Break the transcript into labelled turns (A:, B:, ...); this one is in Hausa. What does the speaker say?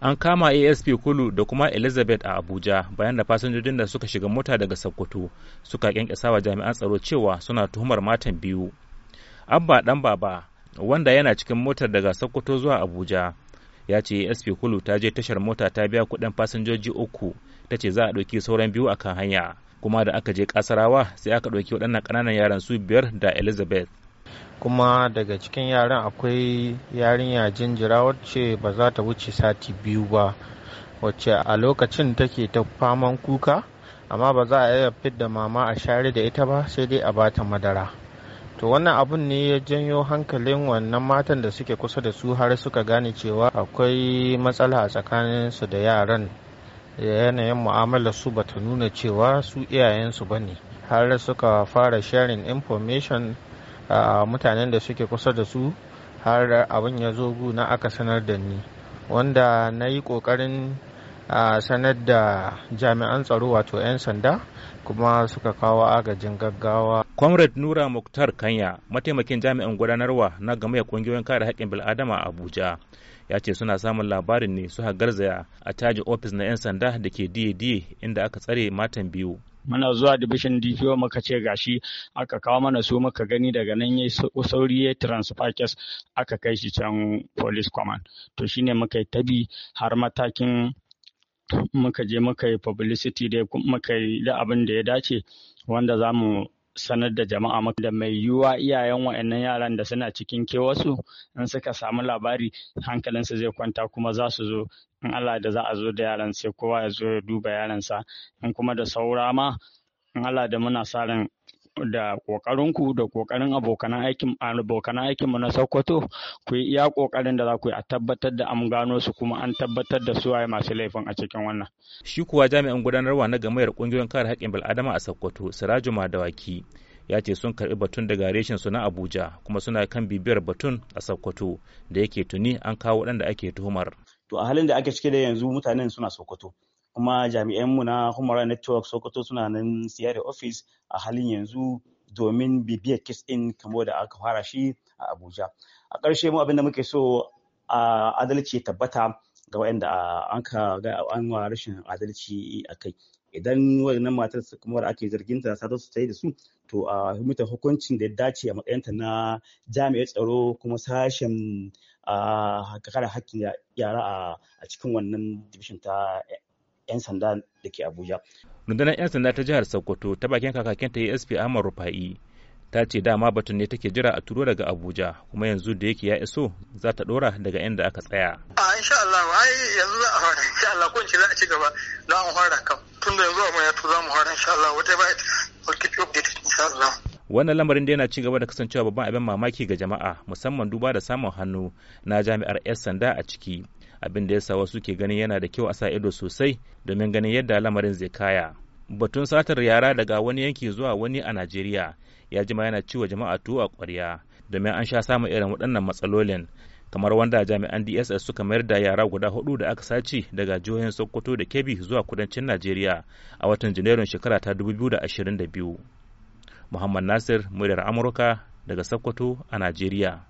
A: an kama asp kulu da kuma elizabeth a abuja bayan da fasinjojin da suka shiga mota daga sokoto suka kyankyasa wa jami'an tsaro cewa suna tuhumar matan biyu abba dan baba wanda yana cikin motar daga sokoto zuwa abuja ya ce asp kulu ta je tashar mota ta biya kuɗin fasinjoji uku ta ce za a ɗauki sauran biyu akan hanya kuma da aka je kasarawa sai aka ɗauki waɗannan ƙananan yaran su biyar da elizabeth
B: kuma daga cikin yaran akwai yarinya jinjira wacce ba za ta wuce sati biyu ba wacce a lokacin take ta faman kuka amma ba za a iya fidda mama a share da ita ba sai dai a bata madara to wannan abun ne ya janyo hankalin wannan matan da suke kusa da su har suka gane cewa akwai matsala a tsakanin su da yaran yanayin mu'amalar su ba ta nuna cewa su iyayensu ba ne har suka fara sharing information mutanen da suke kusa da su har abin ya zo na aka sanar da ni wanda na yi ƙoƙarin sanar da jami'an tsaro wato 'yan sanda kuma suka kawo agajin gaggawa. comrade nura muktar kanya mataimakin jami'in
A: gudanarwa na gamayyar kungiyoyin kare haƙƙin bil'adama a abuja ya ce suna samun labarin ne su garzaya a caji ofis na 'yan sanda da ke diye-diye inda aka tsare matan biyu muna zuwa division DPO muka ce gashi aka kawo mana su muka gani daga nan ya sauri
C: ya transfer case aka kai shi can police command to shine muka yi tabi har matakin muka je muka yi publicity da muka yi da abin da ya dace wanda za mu sanar da jama'a da mai yiwuwa iyayen wa'annan yaran da suna cikin kewasu in suka samu labari hankalinsu zai kwanta kuma za su zo in Allah da za a zo da yaran sai kowa ya zo ya duba yaransa in kuma da saura ma in Allah da muna sa ran da ƙoƙarinku da ƙoƙarin abokanan aikin aikinmu na Sokoto ku yi iya ƙoƙarin da za ku yi a tabbatar da an gano su kuma an tabbatar
A: da su masu laifin a cikin wannan. Shi kuwa jami'in gudanarwa na gamayar ƙungiyoyin kare haƙƙin bil'adama a Sokoto Siraju Madawaki ya ce sun karɓi batun daga reshen su na Abuja kuma suna kan bibiyar batun a Sokoto da yake tuni an kawo waɗanda ake tuhumar. To a halin da
D: ake cike da yanzu mutanen suna Sokoto. kuma jami'an mu na Humara Network Sokoto suna nan siya da ofis a halin yanzu domin bibiyar kes ɗin kamar da aka fara shi a Abuja. A ƙarshe mu abin da muke so a adalci tabbata ga waɗanda an ka ga an wa rashin adalci a kai. Idan wannan matar kuma da ake zargin ta sato su ta da su to a mutan hukuncin da ya dace a matsayin ta na jami'ar tsaro kuma sashen a kare hakkin yara a cikin wannan division ta 'yan sanda da ke abuja
A: rundunar 'yan sanda ta jihar sokoto ta bakin kakakinta asp ahmad rufa'i ta ce dama batun ne take jira a turo daga abuja kuma yanzu da yake ya iso za ta dora daga inda aka tsaya
B: a insha Allah ai yanzu za a fara insha Allah kun za a ci gaba za mu fara kam tun da yanzu a
A: ya to za mu fara insha Allah wata ba will keep you updated insha Allah wannan lamarin da yana ci gaba da kasancewa babban abin mamaki ga jama'a musamman duba da samun hannu na jami'ar 'yan sanda a ciki abin da ya sa wasu ke ganin yana da kyau a sa ido sosai domin ganin yadda lamarin zai kaya batun satar yara daga wani yanki zuwa wani a najeriya ya jima yana ciwa jama'a tuwo a kwarya domin an sha samun irin waɗannan matsalolin kamar wanda jami'an dss suka mayar da yara guda hudu da aka sace daga jihohin sokoto da kebbi zuwa kudancin najeriya a watan janairun shekara ta 2022 muhammad nasir muryar amurka daga sokoto a najeriya